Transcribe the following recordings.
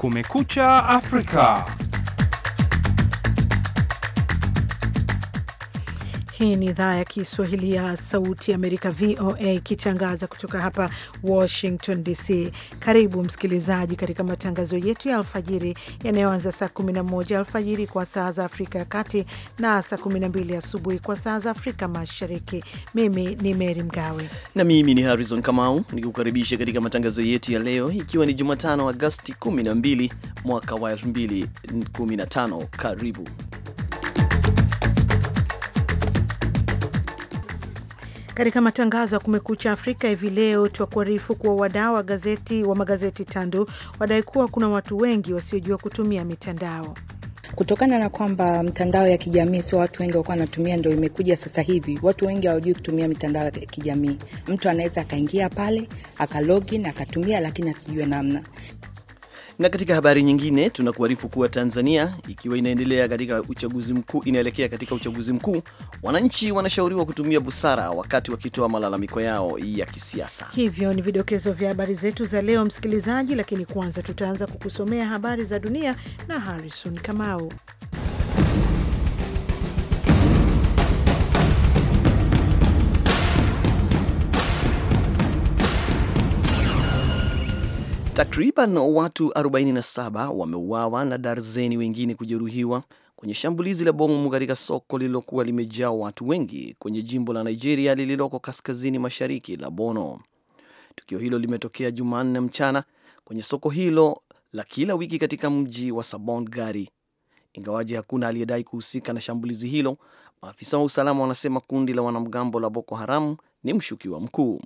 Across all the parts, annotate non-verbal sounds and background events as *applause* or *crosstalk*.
Kumekucha Afrika. Hii ni idhaa ya Kiswahili ya Sauti ya Amerika, VOA, ikitangaza kutoka hapa Washington DC. Karibu msikilizaji katika matangazo yetu ya alfajiri yanayoanza saa 11 alfajiri kwa saa za Afrika ya Kati na saa 12 asubuhi kwa saa za Afrika Mashariki. Mimi ni mery Mgawe na mimi ni Harrison Kamau nikukaribisha katika matangazo yetu ya leo, ikiwa ni Jumatano Agasti 12 mwaka wa 2015. Karibu Katika matangazo ya Kumekucha Afrika hivi leo, kuharifu kuwa wadau wa gazeti wa magazeti tandu wadai kuwa kuna watu wengi wasiojua kutumia mitandao kutokana na kwamba mtandao ya kijamii sio watu wengi wakuwa wanatumia, ndo imekuja sasa hivi. Watu wengi hawajui kutumia mitandao ya kijamii. Mtu anaweza akaingia pale akalogin akatumia, lakini asijue namna na katika habari nyingine tunakuarifu kuwa Tanzania ikiwa inaendelea katika uchaguzi mkuu, inaelekea katika uchaguzi mkuu, wananchi wanashauriwa kutumia busara wakati wakitoa malalamiko yao ya kisiasa. Hivyo ni vidokezo vya habari zetu za leo, msikilizaji, lakini kwanza tutaanza kukusomea habari za dunia na Harrison Kamau. Takriban watu 47 wameuawa na darzeni wengine kujeruhiwa kwenye shambulizi la bomu katika soko lililokuwa limejaa watu wengi kwenye jimbo la Nigeria lililoko kaskazini mashariki la bono Tukio hilo limetokea Jumanne mchana kwenye soko hilo la kila wiki katika mji wa Sabon Gari. Ingawaji hakuna aliyedai kuhusika na shambulizi hilo, maafisa wa usalama wanasema kundi la wanamgambo la Boko Haram ni mshukiwa mkuu.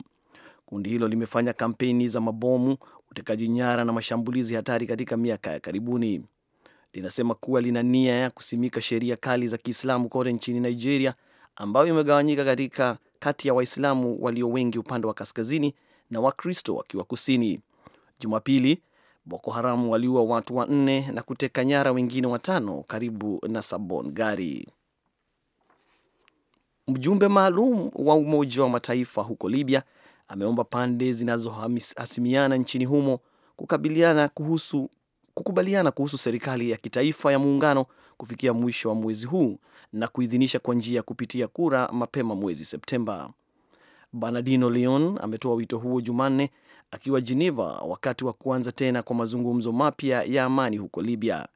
Kundi hilo limefanya kampeni za mabomu utekaji nyara na mashambulizi hatari katika miaka ya karibuni. Linasema kuwa lina nia ya kusimika sheria kali za Kiislamu kote nchini Nigeria, ambayo imegawanyika katika kati ya Waislamu walio wengi upande wa kaskazini na Wakristo wakiwa kusini. Jumapili, Boko Haramu waliua watu wanne na kuteka nyara wengine watano karibu na Sabon Gari. Mjumbe maalum wa Umoja wa Mataifa huko Libya ameomba pande zinazohasimiana nchini humo kukabiliana kuhusu, kukubaliana kuhusu serikali ya kitaifa ya muungano kufikia mwisho wa mwezi huu na kuidhinisha kwa njia ya kupitia kura mapema mwezi Septemba. Bernardino Leon ametoa wito huo Jumanne akiwa Geneva wakati wa kuanza tena kwa mazungumzo mapya ya amani huko Libya.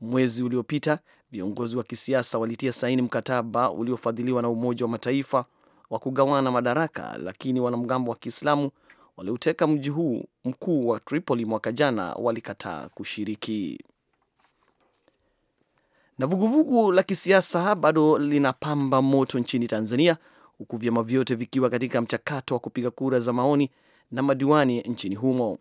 Mwezi uliopita viongozi wa kisiasa walitia saini mkataba uliofadhiliwa na Umoja wa Mataifa wa kugawana madaraka, lakini wanamgambo wa Kiislamu walioteka mji huu mkuu wa Tripoli mwaka jana walikataa kushiriki. Na vuguvugu la kisiasa bado linapamba moto nchini Tanzania, huku vyama vyote vikiwa katika mchakato wa kupiga kura za maoni na madiwani nchini humo.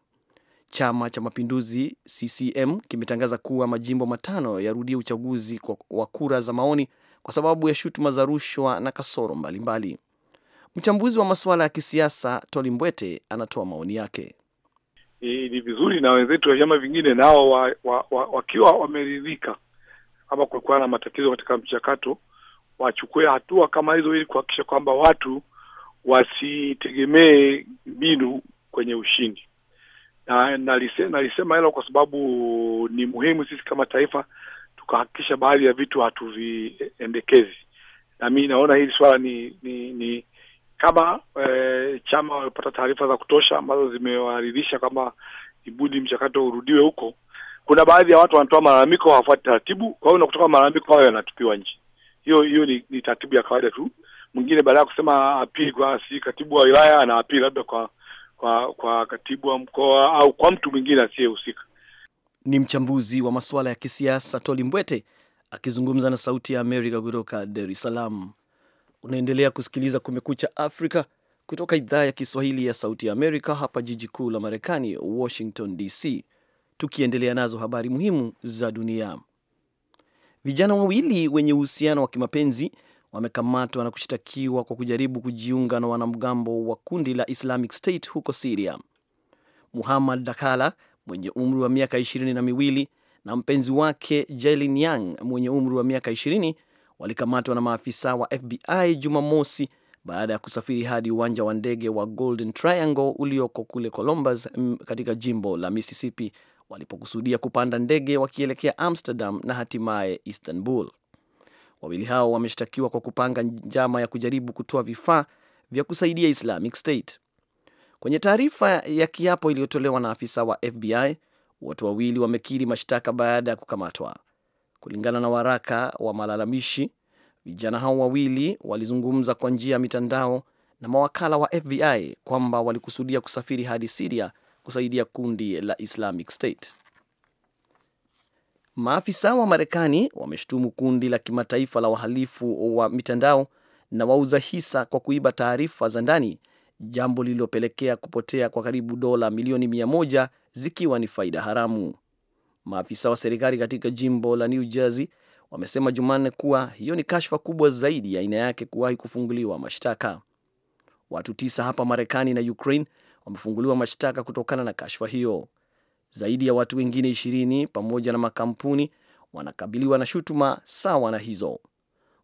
Chama cha Mapinduzi CCM kimetangaza kuwa majimbo matano yarudia uchaguzi wa kura za maoni kwa sababu ya shutuma za rushwa na kasoro mbalimbali. Mchambuzi wa masuala ya kisiasa Mbwete anatoa maoni yake. E, ni vizuri na wenzetu wa vyama vingine nao wakiwa wa, wa, wa wameridhika ama kulikuwa na matatizo katika mchakato, wachukue hatua kama hizo ili kuhakikisha kwamba watu wasitegemee mbinu kwenye ushindi. Na nalisema hilo kwa sababu ni muhimu sisi kama taifa tukahakikisha baadhi ya vitu hatuviendekezi, na mi naona hili swala ni ni, ni kama e, chama wamepata taarifa za kutosha ambazo zimewaridhisha kwamba ibudi mchakato urudiwe huko. Kuna baadhi ya watu wanatoa malalamiko, hawafuati taratibu, kwa hiyo kutoka malalamiko hayo yanatupiwa nje. Hiyo hiyo ni, ni taratibu ya kawaida tu. Mwingine baada ya kusema apili kwa si katibu wa wilaya, ana apili labda kwa kwa kwa katibu wa mkoa au kwa mtu mwingine asiyehusika. Ni mchambuzi wa masuala ya kisiasa Toli Mbwete akizungumza na Sauti ya Amerika kutoka Dar es Salaam. Unaendelea kusikiliza Kumekucha Afrika kutoka idhaa ya Kiswahili ya Sauti ya Amerika, hapa jiji kuu la Marekani, Washington DC. Tukiendelea nazo habari muhimu za dunia, vijana wawili wenye uhusiano wa kimapenzi wamekamatwa na kushtakiwa kwa kujaribu kujiunga na wanamgambo wa kundi la Islamic State huko Siria. Muhammad Dakala mwenye umri wa miaka ishirini na miwili na mpenzi wake Jelin Yang mwenye umri wa miaka ishirini walikamatwa na maafisa wa FBI Jumamosi baada ya kusafiri hadi uwanja wa ndege wa Golden Triangle ulioko kule Columbus katika jimbo la Mississippi walipokusudia kupanda ndege wakielekea Amsterdam na hatimaye Istanbul. Wawili hao wameshtakiwa kwa kupanga njama ya kujaribu kutoa vifaa vya kusaidia Islamic State. Kwenye taarifa ya kiapo iliyotolewa na afisa wa FBI, watu wawili wamekiri mashtaka baada ya kukamatwa. Kulingana na waraka wa malalamishi, vijana hao wawili walizungumza kwa njia ya mitandao na mawakala wa FBI kwamba walikusudia kusafiri hadi Siria kusaidia kundi la Islamic State. Maafisa wa Marekani wameshutumu kundi la kimataifa la wahalifu wa mitandao na wauza hisa kwa kuiba taarifa za ndani, jambo lililopelekea kupotea kwa karibu dola milioni mia moja zikiwa ni faida haramu. Maafisa wa serikali katika jimbo la New Jersey wamesema Jumanne kuwa hiyo ni kashfa kubwa zaidi ya aina yake kuwahi kufunguliwa mashtaka. Watu tisa hapa Marekani na Ukraine wamefunguliwa mashtaka kutokana na kashfa hiyo. Zaidi ya watu wengine ishirini pamoja na makampuni wanakabiliwa na shutuma sawa na hizo.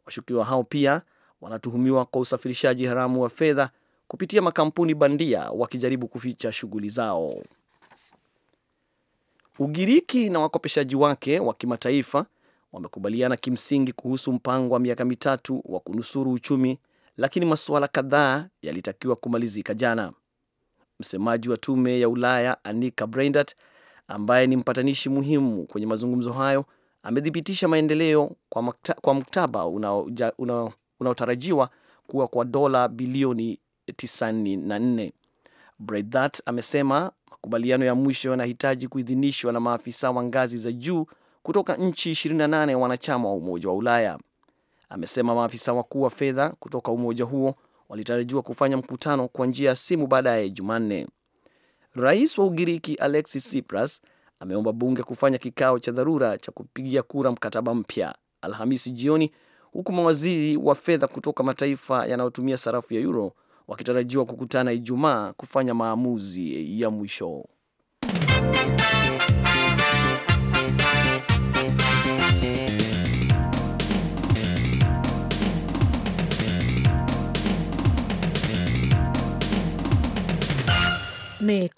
Washukiwa hao pia wanatuhumiwa kwa usafirishaji haramu wa fedha kupitia makampuni bandia wakijaribu kuficha shughuli zao. Ugiriki na wakopeshaji wake wa kimataifa wamekubaliana kimsingi kuhusu mpango wa miaka mitatu wa kunusuru uchumi, lakini masuala kadhaa yalitakiwa kumalizika jana. Msemaji wa tume ya Ulaya Anika Breindat, ambaye ni mpatanishi muhimu kwenye mazungumzo hayo, amethibitisha maendeleo kwa, makta, kwa mktaba unaotarajiwa una, una kuwa kwa dola bilioni 94. Breitbart amesema makubaliano ya mwisho yanahitaji kuidhinishwa na maafisa wa ngazi za juu kutoka nchi 28 wanachama wa Umoja wa Ulaya. Amesema maafisa wakuu wa fedha kutoka umoja huo walitarajiwa kufanya mkutano kwa njia ya simu baadaye Jumanne. Rais wa Ugiriki Alexis Tsipras ameomba bunge kufanya kikao cha dharura cha kupigia kura mkataba mpya Alhamisi jioni, huku mawaziri wa fedha kutoka mataifa yanayotumia sarafu ya euro wakitarajiwa kukutana Ijumaa kufanya maamuzi ya mwisho.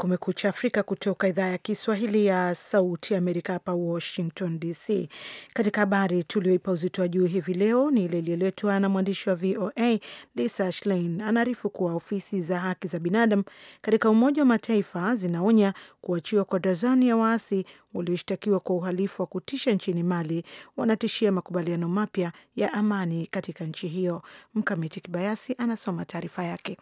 Kumekucha Afrika kutoka idhaa ya Kiswahili ya Sauti ya Amerika hapa Washington DC. Katika habari tulioipa uzito wa juu hivi leo ni ile iliyoletwa na mwandishi wa VOA Lisa Schlein. Anaarifu kuwa ofisi za haki za binadamu katika Umoja wa Mataifa zinaonya kuachiwa kwa dazani ya waasi walioshtakiwa kwa uhalifu wa kutisha nchini Mali wanatishia makubaliano mapya ya amani katika nchi hiyo. Mkamiti Kibayasi anasoma taarifa yake.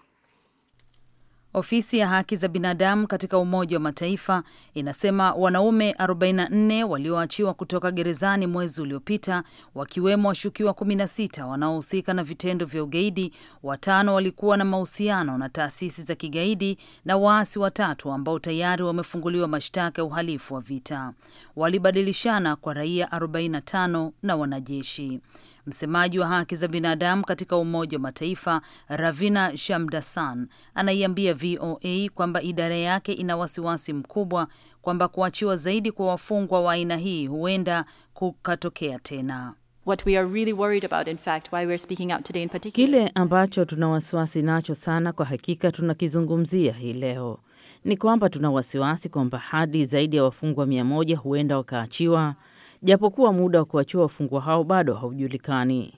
Ofisi ya haki za binadamu katika Umoja wa Mataifa inasema wanaume 44 walioachiwa kutoka gerezani mwezi uliopita, wakiwemo washukiwa 16 wanaohusika na vitendo vya ugaidi, watano walikuwa na mahusiano na taasisi za kigaidi na waasi watatu ambao tayari wamefunguliwa mashtaka ya uhalifu wa vita. Walibadilishana kwa raia 45 na wanajeshi. Msemaji wa haki za binadamu katika Umoja wa Mataifa Ravina Shamdasan anaiambia VOA kwamba idara yake ina wasiwasi mkubwa kwamba kuachiwa zaidi kwa wafungwa wa aina hii huenda kukatokea tena. Kile ambacho tuna wasiwasi nacho sana kwa hakika tunakizungumzia hii leo ni kwamba tuna wasiwasi kwamba hadi zaidi ya wafungwa mia moja huenda wakaachiwa japokuwa muda wa kuachia wafungwa hao bado haujulikani.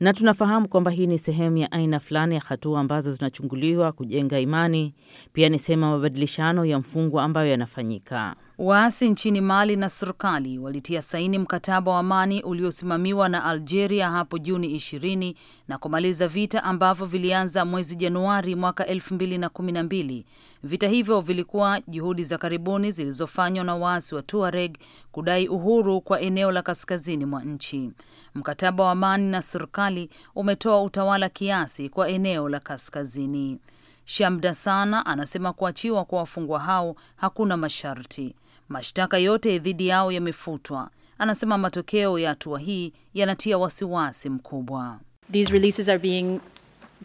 Na tunafahamu kwamba hii ni sehemu ya aina fulani ya hatua ambazo zinachunguliwa kujenga imani. Pia ni sehemu ya mabadilishano ya mfungwa ambayo yanafanyika. Waasi nchini Mali na serikali walitia saini mkataba wa amani uliosimamiwa na Algeria hapo Juni 20 na kumaliza vita ambavyo vilianza mwezi Januari mwaka 212 Vita hivyo vilikuwa juhudi za karibuni zilizofanywa na waasi wa Tuareg kudai uhuru kwa eneo la kaskazini mwa nchi. Mkataba wa amani na serikali umetoa utawala kiasi kwa eneo la kaskazini. Shamdasana anasema kuachiwa kwa wafungwa hao hakuna masharti. Mashtaka yote dhidi yao yamefutwa. Anasema matokeo ya hatua hii yanatia wasiwasi mkubwa. These releases are being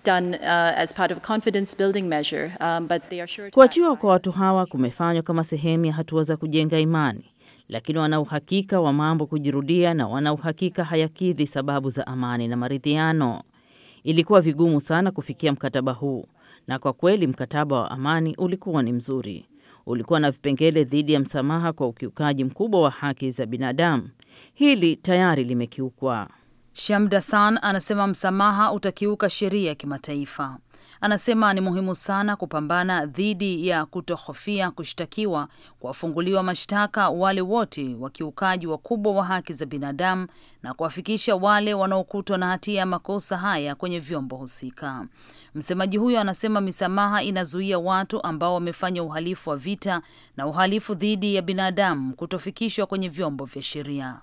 done uh, as part of confidence building measure, um, but they are sure kuachiwa kwa watu hawa kumefanywa kama sehemu ya hatua za kujenga imani, lakini wana uhakika wa mambo kujirudia na wana uhakika hayakidhi sababu za amani na maridhiano. Ilikuwa vigumu sana kufikia mkataba huu, na kwa kweli mkataba wa amani ulikuwa ni mzuri ulikuwa na vipengele dhidi ya msamaha kwa ukiukaji mkubwa wa haki za binadamu. Hili tayari limekiukwa. Shamdasan anasema msamaha utakiuka sheria ya kimataifa anasema ni muhimu sana kupambana dhidi ya kutohofia kushtakiwa, kuwafunguliwa mashtaka wale wote wakiukaji wakubwa wa haki za binadamu na kuwafikisha wale wanaokutwa na hatia ya makosa haya kwenye vyombo husika. Msemaji huyo anasema misamaha inazuia watu ambao wamefanya uhalifu wa vita na uhalifu dhidi ya binadamu kutofikishwa kwenye vyombo vya sheria.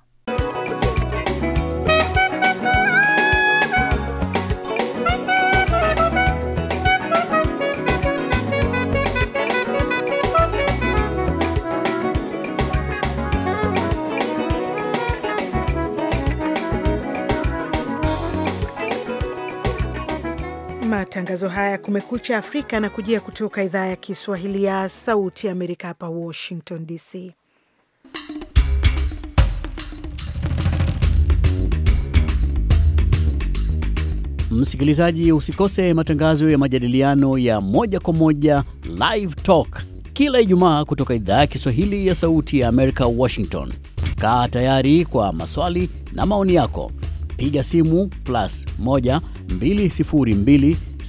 Matangazo haya Kumekucha Afrika na kujia kutoka idhaa ya Kiswahili ya Sauti Amerika, hapa Washington DC. Msikilizaji, usikose matangazo ya majadiliano ya moja kwa moja, Live Talk, kila Ijumaa kutoka idhaa ya Kiswahili ya Sauti ya Amerika, Washington. Kaa tayari kwa maswali na maoni yako, piga simu plus 1 202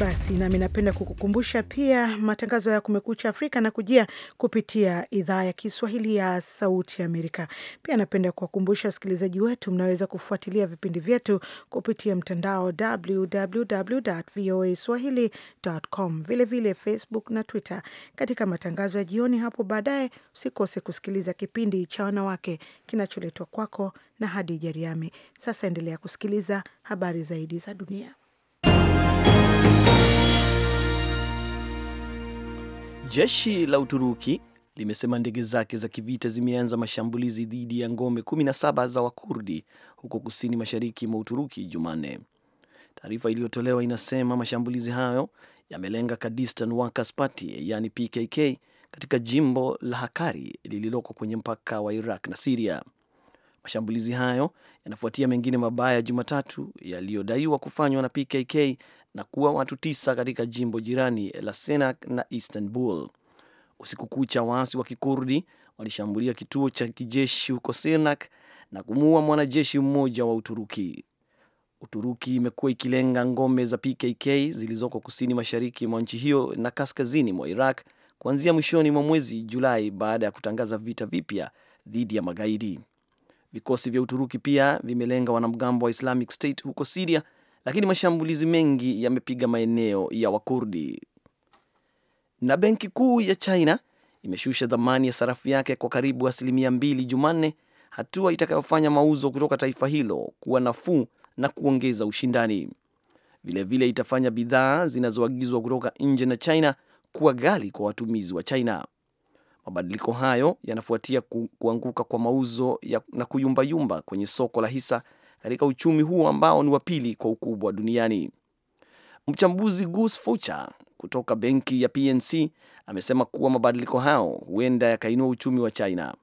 Basi nami napenda kukukumbusha pia matangazo ya Kumekucha Afrika na kujia kupitia idhaa ya Kiswahili ya Sauti Amerika. Pia napenda kuwakumbusha wasikilizaji wetu, mnaweza kufuatilia vipindi vyetu kupitia mtandao swahilicom, vilevile Facebook na Twitter. Katika matangazo ya jioni hapo baadaye, usikose kusikiliza kipindi cha wanawake kinacholetwa kwako na Hadija Riami. Sasa endelea kusikiliza habari zaidi za dunia. Jeshi la Uturuki limesema ndege zake za kivita zimeanza mashambulizi dhidi ya ngome 17 za Wakurdi huko kusini mashariki mwa Uturuki Jumanne. Taarifa iliyotolewa inasema mashambulizi hayo yamelenga Kurdistan Workers Party yani PKK katika jimbo la Hakari lililoko kwenye mpaka wa Iraq na Siria. Mashambulizi hayo yanafuatia mengine mabaya Jumatatu yaliyodaiwa kufanywa na PKK na kuwa watu tisa katika jimbo jirani la Senak na Istanbul. Usiku kucha, waasi wa Kikurdi walishambulia kituo cha kijeshi huko Senak na kumuua mwanajeshi mmoja wa Uturuki. Uturuki imekuwa ikilenga ngome za PKK zilizoko kusini mashariki mwa nchi hiyo na kaskazini mwa Iraq kuanzia mwishoni mwa mwezi Julai baada ya kutangaza vita vipya dhidi ya magaidi. Vikosi vya Uturuki pia vimelenga wanamgambo wa Islamic State huko Siria, lakini mashambulizi mengi yamepiga maeneo ya Wakurdi. Na benki kuu ya China imeshusha dhamani ya sarafu yake kwa karibu asilimia mbili Jumanne, hatua itakayofanya mauzo kutoka taifa hilo kuwa nafuu na kuongeza ushindani. Vilevile vile itafanya bidhaa zinazoagizwa kutoka nje na China kuwa ghali kwa watumizi wa China. Mabadiliko hayo yanafuatia ku, kuanguka kwa mauzo ya, na kuyumbayumba kwenye soko la hisa katika uchumi huo ambao ni wa pili kwa ukubwa duniani. Mchambuzi Gus Fucha kutoka benki ya PNC amesema kuwa mabadiliko hayo huenda yakainua uchumi wa China.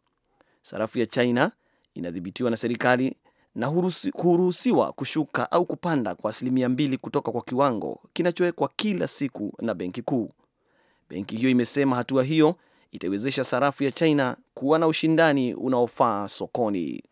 Sarafu ya China inadhibitiwa na serikali na huruhusiwa kushuka au kupanda kwa asilimia mbili kutoka kwa kiwango kinachowekwa kila siku na benki kuu. Benki hiyo imesema hatua hiyo itaiwezesha sarafu ya China kuwa na ushindani unaofaa sokoni.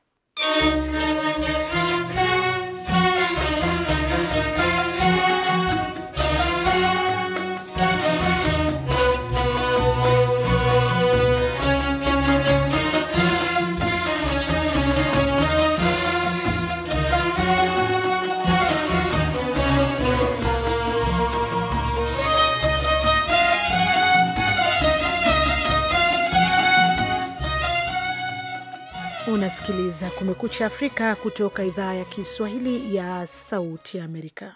Unasikiliza Kumekucha Afrika kutoka idhaa ya Kiswahili ya Sauti ya Amerika.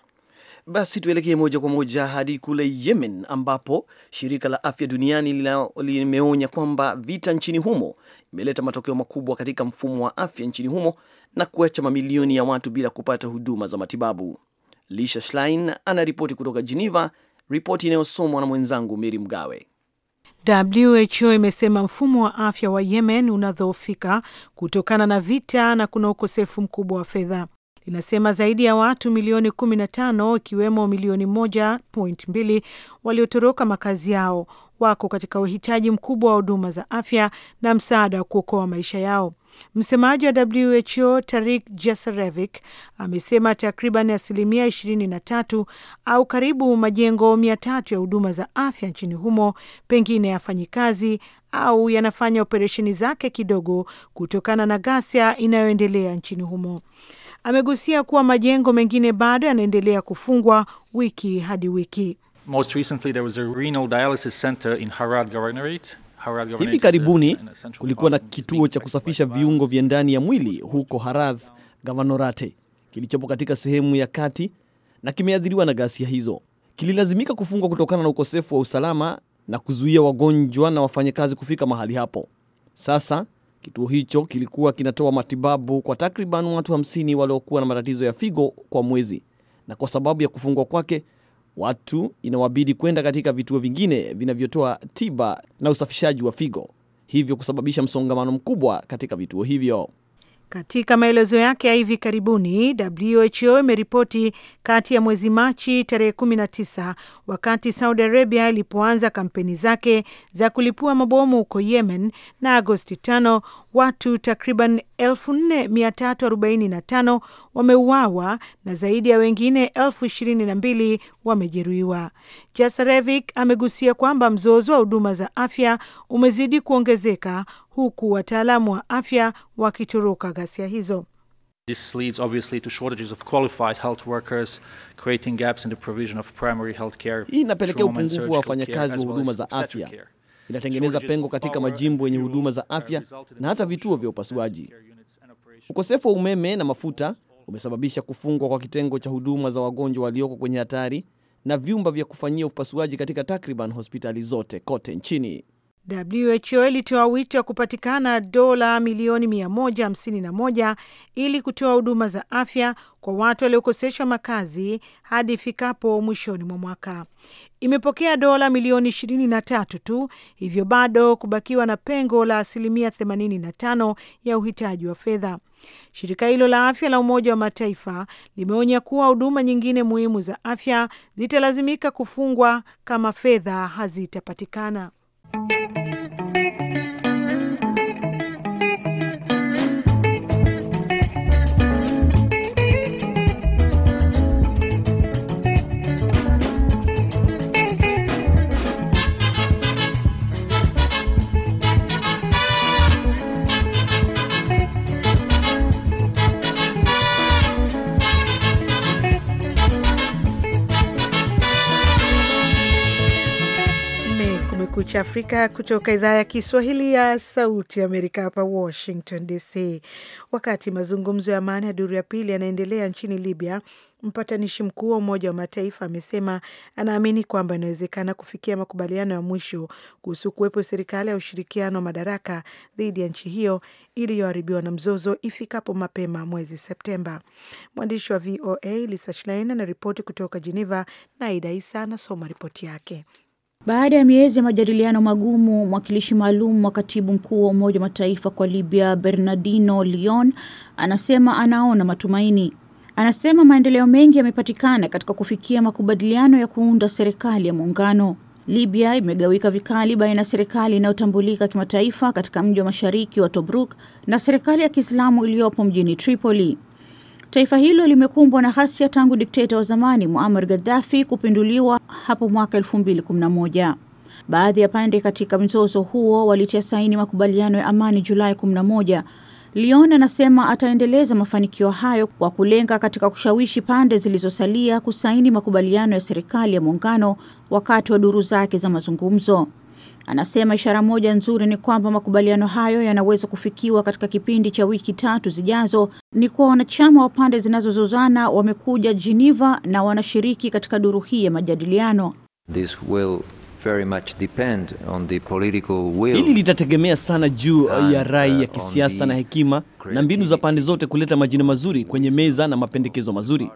Basi tuelekee moja kwa moja hadi kule Yemen, ambapo shirika la afya duniani limeonya kwamba vita nchini humo imeleta matokeo makubwa katika mfumo wa afya nchini humo na kuacha mamilioni ya watu bila kupata huduma za matibabu. Lisha Schlein anaripoti kutoka Geneva, ripoti inayosomwa na mwenzangu Meri Mgawe. WHO imesema mfumo wa afya wa Yemen unadhoofika kutokana na vita na kuna ukosefu mkubwa wa fedha. Linasema zaidi ya watu milioni 15 ikiwemo milioni 1.2 waliotoroka makazi yao wako katika uhitaji mkubwa wa huduma za afya na msaada wa kuokoa maisha yao. Msemaji wa WHO Tarik Jasarevic amesema takriban asilimia 23 au karibu majengo mia tatu ya huduma za afya nchini humo pengine yafanyikazi au yanafanya operesheni zake kidogo kutokana na ghasia inayoendelea nchini humo. Amegusia kuwa majengo mengine bado yanaendelea kufungwa wiki hadi wiki most recently there was a renal dialysis center in Harad Governorate. Hivi karibuni kulikuwa na kituo cha kusafisha viungo vya ndani ya mwili huko Harad Governorate kilichopo katika sehemu ya kati na kimeathiriwa na ghasia hizo. Kililazimika kufungwa kutokana na ukosefu wa usalama na kuzuia wagonjwa na wafanyakazi kufika mahali hapo. Sasa kituo hicho kilikuwa kinatoa matibabu kwa takriban watu 50 waliokuwa na matatizo ya figo kwa mwezi, na kwa sababu ya kufungwa kwake watu inawabidi kwenda katika vituo vingine vinavyotoa tiba na usafishaji wa figo, hivyo kusababisha msongamano mkubwa katika vituo hivyo. Katika maelezo yake ya hivi karibuni, WHO imeripoti kati ya mwezi Machi tarehe 19 wakati Saudi Arabia ilipoanza kampeni zake za kulipua mabomu huko Yemen na Agosti 5 watu takriban 4345 wameuawa na zaidi ya wengine 22 wamejeruhiwa. Jasarevik amegusia kwamba mzozo wa huduma za afya umezidi kuongezeka huku wataalamu wa afya wakitoroka ghasia hizo. This leads obviously to shortages of qualified health workers, creating gaps in the provision of primary health care. Hii inapelekea upungufu wa wafanyakazi wa huduma za afya, inatengeneza pengo katika majimbo yenye huduma za afya na hata vituo vya upasuaji. Ukosefu wa umeme na mafuta umesababisha kufungwa kwa kitengo cha huduma za wagonjwa walioko kwenye hatari na vyumba vya kufanyia upasuaji katika takriban hospitali zote kote nchini. WHO ilitoa wito wa kupatikana dola milioni 151 ili kutoa huduma za afya kwa watu waliokoseshwa makazi hadi ifikapo mwishoni mwa mwaka. Imepokea dola milioni 23 tu, hivyo bado kubakiwa na pengo la asilimia 85 ya uhitaji wa fedha. Shirika hilo la afya la Umoja wa Mataifa limeonya kuwa huduma nyingine muhimu za afya zitalazimika kufungwa kama fedha hazitapatikana. Kumekucha Afrika kutoka idhaa ya Kiswahili ya Sauti ya Amerika hapa Washington DC. Wakati mazungumzo ya amani ya duru ya pili yanaendelea nchini Libya, mpatanishi mkuu wa Umoja wa Mataifa amesema anaamini kwamba inawezekana kufikia makubaliano ya mwisho kuhusu kuwepo serikali ya ushirikiano wa madaraka dhidi ya nchi hiyo iliyoharibiwa na mzozo ifikapo mapema mwezi Septemba. Mwandishi wa VOA Lisa Schlein anaripoti kutoka Geneva na Aida Isa anasoma ripoti yake. Baada ya miezi ya majadiliano magumu, mwakilishi maalum wa katibu mkuu wa Umoja wa Mataifa kwa Libya Bernardino Leon anasema anaona matumaini. Anasema maendeleo mengi yamepatikana katika kufikia makubaliano ya kuunda serikali ya muungano. Libya imegawika vikali baina ya serikali inayotambulika kimataifa katika mji wa mashariki wa Tobruk na serikali ya Kiislamu iliyopo mjini Tripoli. Taifa hilo limekumbwa na ghasia tangu dikteta wa zamani Muammar Gaddafi kupinduliwa hapo mwaka 2011. Baadhi ya pande katika mzozo huo walitia saini makubaliano ya amani Julai 11. Leon anasema ataendeleza mafanikio hayo kwa kulenga katika kushawishi pande zilizosalia kusaini makubaliano ya serikali ya muungano wakati wa duru zake za mazungumzo. Anasema ishara moja nzuri ni kwamba makubaliano hayo yanaweza kufikiwa katika kipindi cha wiki tatu zijazo, ni kuwa wanachama wa pande zinazozozana wamekuja Geneva na wanashiriki katika duru hii ya majadiliano. This will very much depend on the political will. Hili litategemea sana juu ya rai ya uh, kisiasa na hekima na mbinu za pande zote kuleta majina mazuri kwenye meza na mapendekezo mazuri.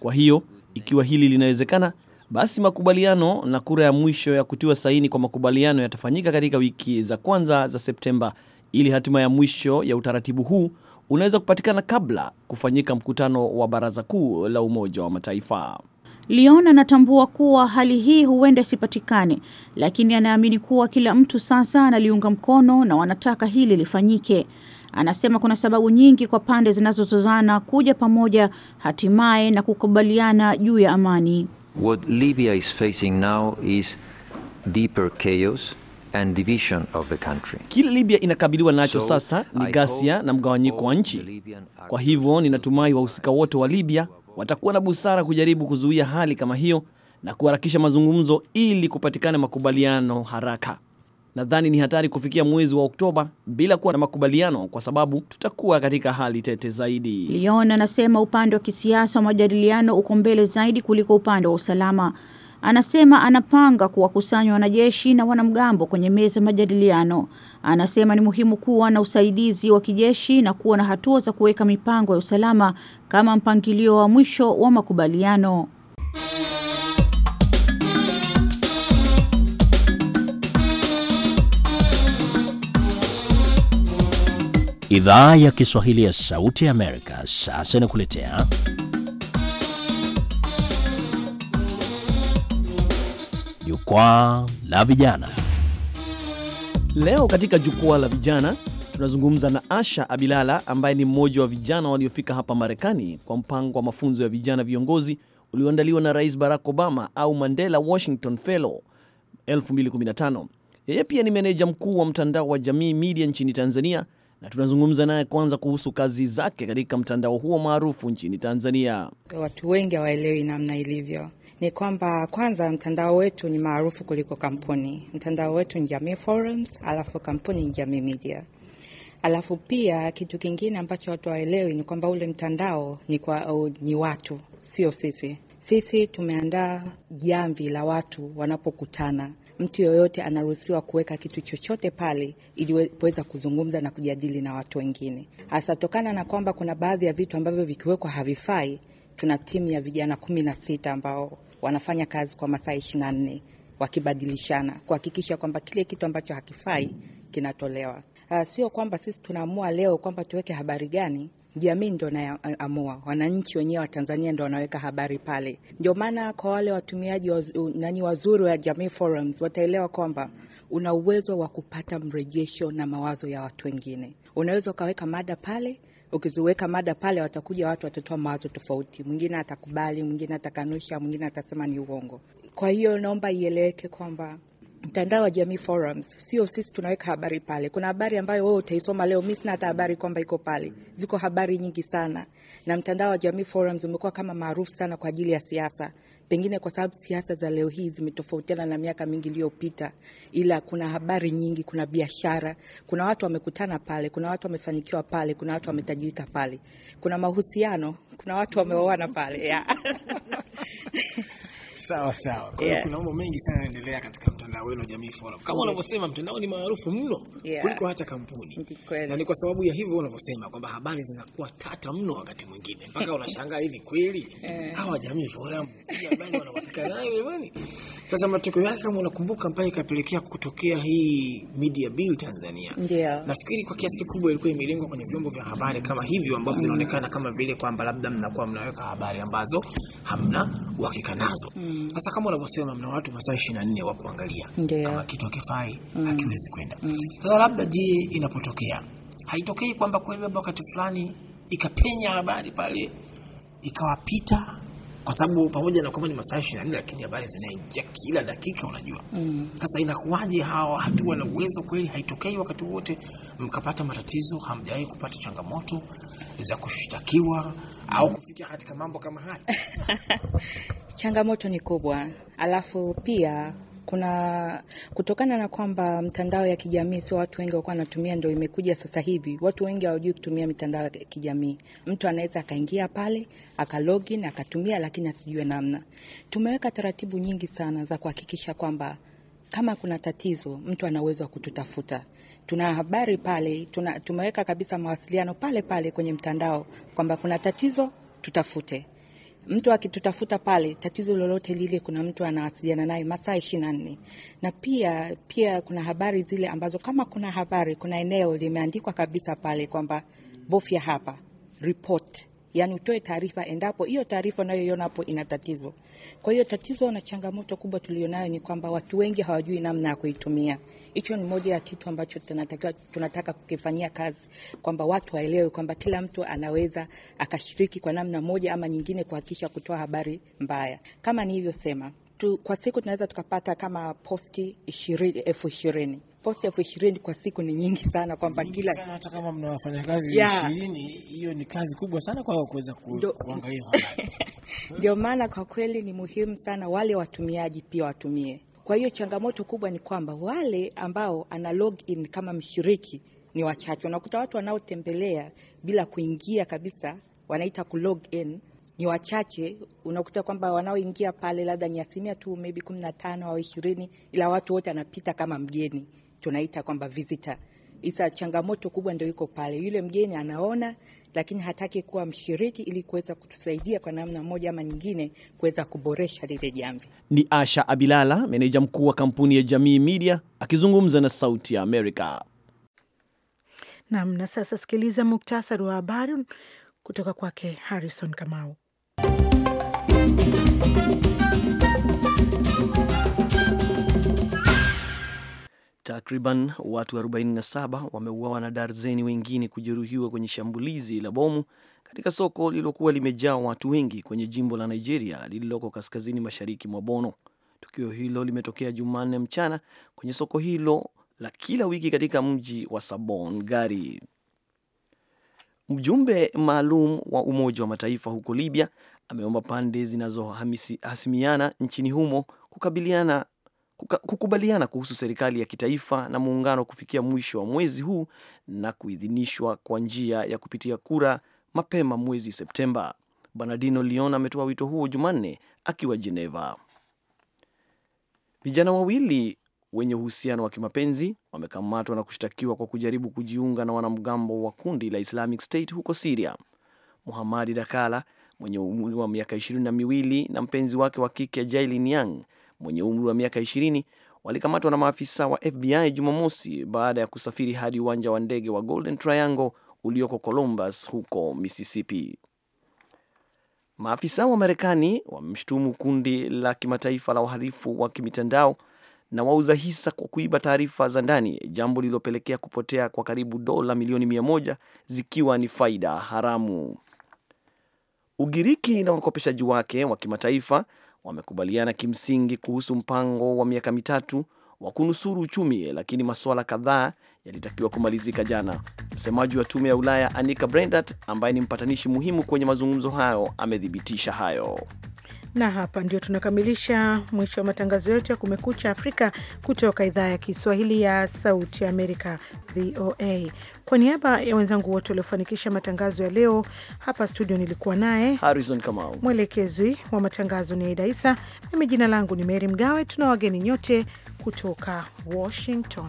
Kwa hiyo ikiwa hili linawezekana basi makubaliano na kura ya mwisho ya kutiwa saini kwa makubaliano yatafanyika katika wiki za kwanza za Septemba, ili hatima ya mwisho ya utaratibu huu unaweza kupatikana kabla kufanyika mkutano wa Baraza Kuu la Umoja wa Mataifa. Leon anatambua kuwa hali hii huenda isipatikane, lakini anaamini kuwa kila mtu sasa analiunga mkono na wanataka hili lifanyike. Anasema kuna sababu nyingi kwa pande zinazozozana kuja pamoja hatimaye na kukubaliana juu ya amani. What Libya is facing now is deeper chaos and division of the country. Kile Libya inakabiliwa nacho so, sasa ni ghasia na mgawanyiko wa nchi. Kwa hivyo ninatumai wahusika wote wa Libya watakuwa na busara kujaribu kuzuia hali kama hiyo na kuharakisha mazungumzo ili kupatikana makubaliano haraka. Nadhani ni hatari kufikia mwezi wa Oktoba bila kuwa na makubaliano, kwa sababu tutakuwa katika hali tete zaidi. Leon anasema upande wa kisiasa wa majadiliano uko mbele zaidi kuliko upande wa usalama. Anasema anapanga kuwakusanya wanajeshi na wanamgambo kwenye meza ya majadiliano. Anasema ni muhimu kuwa na usaidizi wa kijeshi na kuwa na hatua za kuweka mipango ya usalama kama mpangilio wa mwisho wa makubaliano. Idhaa ya Kiswahili ya Sauti ya Amerika sasa inakuletea Jukwaa la Vijana. Leo katika Jukwaa la Vijana tunazungumza na Asha Abilala ambaye ni mmoja wa vijana waliofika hapa Marekani kwa mpango wa mafunzo ya vijana viongozi ulioandaliwa na Rais Barack Obama au Mandela Washington Fellow 2015. Yeye pia ni meneja mkuu wa mtandao wa Jamii Media nchini Tanzania na tunazungumza naye kwanza kuhusu kazi zake katika mtandao huo maarufu nchini Tanzania. Watu wengi hawaelewi namna ilivyo ni kwamba kwanza, mtandao wetu ni maarufu kuliko kampuni. Mtandao wetu ni Jamii Forums, alafu kampuni ni Jamii Media. Alafu pia kitu kingine ambacho watu waelewi ni kwamba ule mtandao ni, kwa, uh, ni watu, sio sisi. Sisi tumeandaa jamvi la watu wanapokutana mtu yoyote anaruhusiwa kuweka kitu chochote pale ili kuweza kuzungumza na kujadili na watu wengine, hasa tokana na kwamba kuna baadhi ya vitu ambavyo vikiwekwa havifai. Tuna timu ya vijana kumi na sita ambao wanafanya kazi kwa masaa ishirini na nne wakibadilishana kuhakikisha kwamba kile kitu ambacho hakifai kinatolewa. Ah, sio kwamba sisi tunaamua leo kwamba tuweke habari gani, jamii ndo naamua, wananchi wenyewe wa Tanzania ndo wanaweka habari pale. Ndio maana kwa wale watumiaji wazu, nani wazuri wa Jamii Forums wataelewa kwamba una uwezo wa kupata mrejesho na mawazo ya watu wengine. Unaweza ukaweka mada pale ukiziweka mada pale, watakuja watu watatoa mawazo tofauti. Mwingine atakubali, mwingine atakanusha, mwingine atasema ni uongo. Kwa hiyo naomba ieleweke kwamba mtandao wa Jamii Forums, sio sisi tunaweka habari pale. Kuna habari ambayo wewe utaisoma leo, mimi sina hata habari kwamba iko pale. Ziko habari nyingi sana, na mtandao wa Jamii Forums umekuwa kama maarufu sana kwa ajili ya siasa, pengine kwa sababu siasa za leo hii zimetofautiana na miaka mingi iliyopita, ila kuna habari nyingi, kuna biashara, kuna watu wamekutana pale, kuna watu wamefanikiwa pale, kuna watu wametajirika pale, kuna mahusiano, kuna watu wameoana pale yeah. *laughs* sawa sawa. Kwa hiyo yeah. kuna mambo mengi sana yanaendelea katika mtandao wenu Jamii Forum. Kama unavyosema mtandao ni maarufu mno yeah. kuliko hata kampuni, na ni kwa sababu ya hivyo unavyosema kwamba habari zinakuwa tata mno wakati mwingine mpaka unashangaa hivi kweli eh. hawa Jamii Forum habari wanawafika nayo jamani sasa matokeo yake kama unakumbuka, mpaka ikapelekea kutokea hii media bill Tanzania. Yeah. Nafikiri kwa kiasi kikubwa ilikuwa imelengwa kwenye vyombo vya habari kama hivyo ambavyo mm. vinaonekana mm. kama vile kwamba labda mnakuwa mnaweka habari ambazo hamna uhakika nazo. Mm. Sasa kama unavyosema, mna watu masaa 24 wa kuangalia. Yeah. Kama kitu hakifai mm. hakiwezi kwenda. Mm. Sasa labda, je, inapotokea haitokei kwamba kweli labda wakati fulani ikapenya habari pale ikawapita kwa sababu pamoja na kwamba ni masaa 24 lakini habari zinaingia kila dakika, unajua mm. sasa. Mm. Inakuwaje hawa hatua na uwezo kweli haitokei wakati wote, mkapata matatizo, hamjawahi kupata changamoto za kushtakiwa mm, au kufikia katika mambo kama haya? *laughs* Changamoto ni kubwa, alafu pia kuna kutokana na kwamba mtandao ya kijamii sio watu wengi walikuwa wanatumia, ndio imekuja sasa hivi. Watu wengi hawajui kutumia mitandao ya kijamii. Mtu anaweza akaingia pale aka login akatumia, lakini asijue namna. Tumeweka taratibu nyingi sana za kuhakikisha kwamba kama kuna tatizo mtu ana uwezo wa kututafuta. Tuna habari pale, tuna, tumeweka kabisa mawasiliano pale pale kwenye mtandao kwamba kuna tatizo tutafute mtu akitutafuta pale, tatizo lolote lile, kuna mtu anawasiliana naye masaa ishirini na nne na pia pia kuna habari zile ambazo kama kuna habari, kuna eneo limeandikwa kabisa pale kwamba bofya hapa report yani utoe taarifa endapo hiyo taarifa unayoiona hapo ina tatizo. Kwa hiyo tatizo na changamoto kubwa tulionayo ni kwamba watu wengi hawajui namna ya kuitumia. Hicho ni moja ya kitu ambacho tunatakiwa tunataka kukifanyia kazi, kwamba watu waelewe kwamba kila mtu anaweza akashiriki kwa namna moja ama nyingine kuhakikisha kutoa habari mbaya. Kama nilivyosema tu, kwa siku tunaweza tukapata kama posti elfu ishirini posti elfu ishirini kwa siku ni nyingi sana, kwamba kila hata kama mna wafanyakazi ishirini yeah. Hiyo ni kazi kubwa sana kwao kuweza kuangalia *laughs* ndio maana kwa kweli ni muhimu sana wale watumiaji pia watumie. Kwa hiyo changamoto kubwa ni kwamba wale ambao ana log in kama mshiriki ni wachache. Unakuta watu wanaotembelea bila kuingia kabisa, wanaita ku log in ni wachache. Unakuta kwamba wanaoingia pale labda ni asilimia tu maybe kumi na tano au ishirini, ila watu wote anapita kama mgeni tunaita kwamba visitor. Isa changamoto kubwa ndio iko pale, yule mgeni anaona lakini hataki kuwa mshiriki ili kuweza kutusaidia kwa namna moja ama nyingine kuweza kuboresha lile jamvi. Ni Asha Abilala, meneja mkuu wa kampuni ya Jamii Media akizungumza na Sauti ya Amerika. Nam, na sasa sikiliza muktasari wa habari kutoka kwake Harrison Kamau. Takriban watu 47 wameuawa na darzeni wengine kujeruhiwa kwenye shambulizi la bomu katika soko lililokuwa limejaa watu wengi kwenye jimbo la Nigeria lililoko kaskazini mashariki mwa Bono. Tukio hilo limetokea Jumanne mchana kwenye soko hilo la kila wiki katika mji wa Sabon Gari. Mjumbe maalum wa Umoja wa Mataifa huko Libya ameomba pande zinazohasimiana nchini humo kukabiliana kukubaliana kuhusu serikali ya kitaifa na muungano kufikia mwisho wa mwezi huu na kuidhinishwa kwa njia ya kupitia kura mapema mwezi Septemba. Bernardino Leon ametoa wito huo Jumanne akiwa Geneva. Vijana wawili wenye uhusiano wa kimapenzi wamekamatwa na kushtakiwa kwa kujaribu kujiunga na wanamgambo wa kundi la Islamic State huko Siria. Muhamadi Dakala mwenye umri wa miaka ishirini na miwili na mpenzi wake wa kike Jailin Yang mwenye umri wa miaka 20 walikamatwa na maafisa wa FBI Jumamosi baada ya kusafiri hadi uwanja wa ndege wa Golden Triangle ulioko Columbus huko Mississippi. Maafisa wa Marekani wamemshutumu kundi la kimataifa la uhalifu wa kimitandao na wauza hisa kwa kuiba taarifa za ndani, jambo lililopelekea kupotea kwa karibu dola milioni mia moja zikiwa ni faida haramu. Ugiriki na wakopeshaji wake wa kimataifa wamekubaliana kimsingi kuhusu mpango wa miaka mitatu wa kunusuru uchumi, lakini masuala kadhaa yalitakiwa kumalizika jana. Msemaji wa tume ya Ulaya Anika Brendat, ambaye ni mpatanishi muhimu kwenye mazungumzo hayo, amethibitisha hayo. Na hapa ndio tunakamilisha mwisho wa matangazo yote ya Kumekucha Afrika kutoka idhaa ya Kiswahili ya Sauti Amerika, VOA. Kwa niaba ya wenzangu wote waliofanikisha matangazo ya leo, hapa studio nilikuwa naye Harrison Kamau, mwelekezi wa matangazo ni Aida Isa, mimi jina langu ni Meri Mgawe. Tuna wageni nyote kutoka Washington.